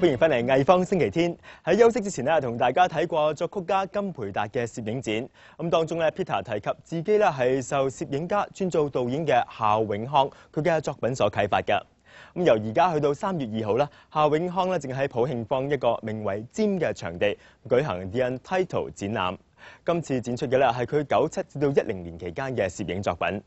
歡迎返嚟《藝方星期天》，喺休息之前呢，同大家睇過作曲家金培達嘅攝影展。咁當中呢，Peter 提及自己咧係受攝影家、專做導演嘅夏永康佢嘅作品所啟發嘅。咁由而家去到三月二號啦，夏永康呢正喺普慶坊一個名為尖嘅場地舉行《The Untitled》展覽。今次展出嘅咧係佢九七至到一零年期間嘅攝影作品。